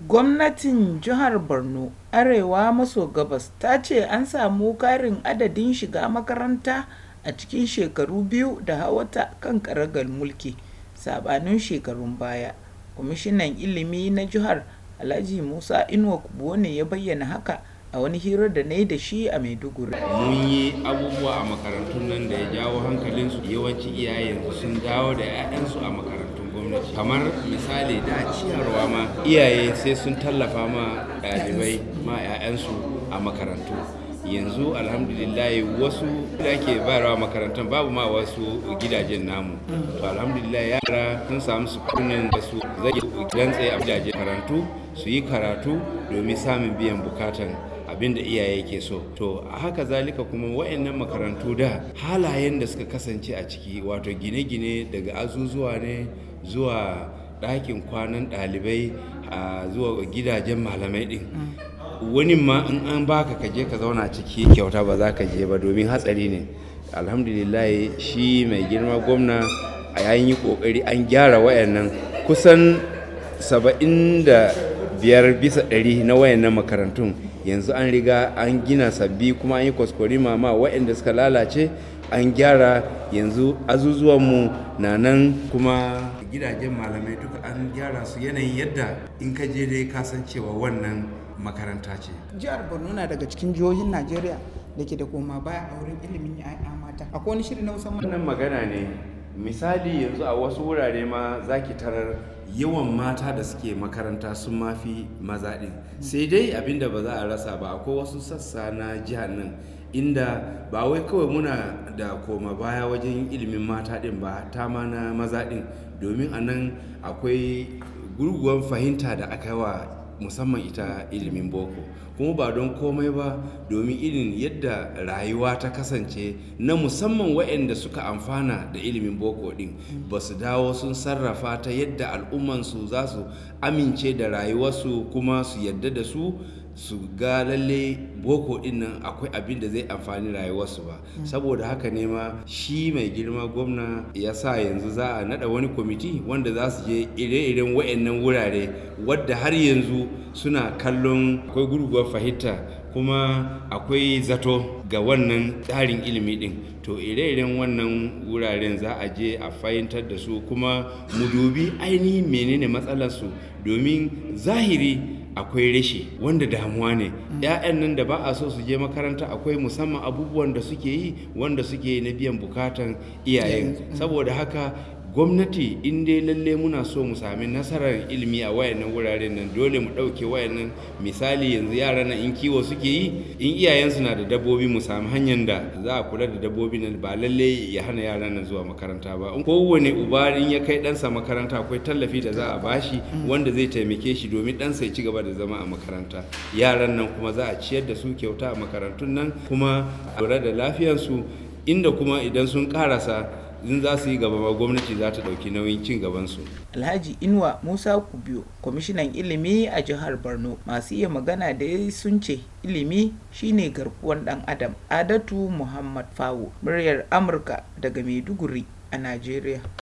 Gwamnatin Jihar Borno Arewa maso Gabas ta ce an samu ƙarin adadin shiga makaranta a cikin shekaru biyu da hawata kan karagar mulki, saɓanin shekarun baya, Kwamishinan Ilimi na jihar, Alhaji Musa Inuwa Kubuwa ne ya bayyana haka a wani hira da na yi da shi a Maiduguri. Mun yi abubuwa a makarantun nan da ya jawo hankalinsu yawanci iyayen sun dawo da 'ya'yansu a kamar misali da ciyarwa ma iyaye sai sun tallafa ma ɗalibai ma 'ya'yansu a makarantu yanzu alhamdulillah wasu da ke bayarwa makarantar babu ma wasu gidajen namu to alhamdulillah yara sun samu sukunin da su zai tsaye a gidajen makarantu su yi karatu domin samun biyan bukatan abin da iyaye ke so to a haka zalika kuma wayannan makarantu da halayen da suka kasance a ciki wato gine-gine daga azuzuwa ne zuwa ɗakin kwanan ɗalibai a zuwa gidajen malamai ɗin wani ma in an baka ka je ka zauna ciki kyauta ba za ka je ba domin hatsari ne alhamdulillah shi mai girma gwamna a yayin yi kokari an gyara wayannan kusan saba'in da biyar bisa ɗari na wayannan makarantun yanzu an riga an gina sabbi kuma an yi kwaskwari mama wayanda suka lalace an gyara yanzu azuzuwanmu na nan kuma gidajen malamai duka an gyara su yanayin yadda in ka je dai cewa wannan makaranta ce jihar borno na daga cikin jihohin najeriya da ke da koma baya a wurin ilimin ya'ya mata akwai wani shiri na musamman wannan magana ne misali yanzu a wasu wurare ma za ki tarar yawan mata da suke makaranta sun mafi maza ɗin sai dai abinda ba za a rasa ba akwai wasu sassa na jihar nan inda ba wai kawai muna da koma baya wajen ilimin mata ɗin ba ta ma na maza ɗin domin a nan akwai gurguwan fahimta da aka yi wa musamman ita ilimin boko kuma ba don komai ba domin irin yadda rayuwa ta kasance na musamman waɗanda suka amfana da ilimin boko ɗin ba su dawo sun sarrafa ta yadda al'ummansu za su amince da rayuwarsu kuma su yadda da su su ga lalle boko din akwai abin da zai amfani rayuwarsu ba mm. saboda haka ne ma shi mai girma gwamna ya sa yanzu za a nada wani kwamiti wanda za su je ire-iren wa'annan wurare wadda har yanzu suna kallon akwai gurguwar fahimta kuma akwai zato ga wannan tsarin ilimi din to ire-iren wannan wuraren za a je a fahimtar da su kuma mu dubi ainihin menene matsalarsu domin zahiri akwai rashi wanda damuwa ne ‘ya'yan nan da ba a so su je makaranta akwai musamman abubuwan da suke yi wanda suke yi na biyan bukatan iyayen saboda haka gwamnati in dai lalle muna so mu sami nasarar ilimi a wayannan wuraren nan dole mu ɗauke wayannan misali yanzu yara nan in kiwo suke yi in iyayensu na da dabbobi mu sami hanyar da za a kula da dabbobi nan ba lalle ya hana yara nan zuwa makaranta ba kowane uba in ya kai ɗansa makaranta akwai tallafi da za a bashi wanda zai taimake shi domin ɗansa ya ci gaba da zama a makaranta yaran nan kuma za a ciyar da su kyauta a makarantun nan kuma a lura da su inda kuma idan sun karasa in za su yi gaba ba gwamnati za ta ɗauki nauyin cin gabansu. Alhaji Inuwa Musa Kubiyo, kwamishinan ilimi a jihar Borno, masu iya magana da ya sun ce ilimi shine garkuwan ɗan adam. Adatu Muhammad Fawo, muryar Amurka daga Maiduguri a Najeriya.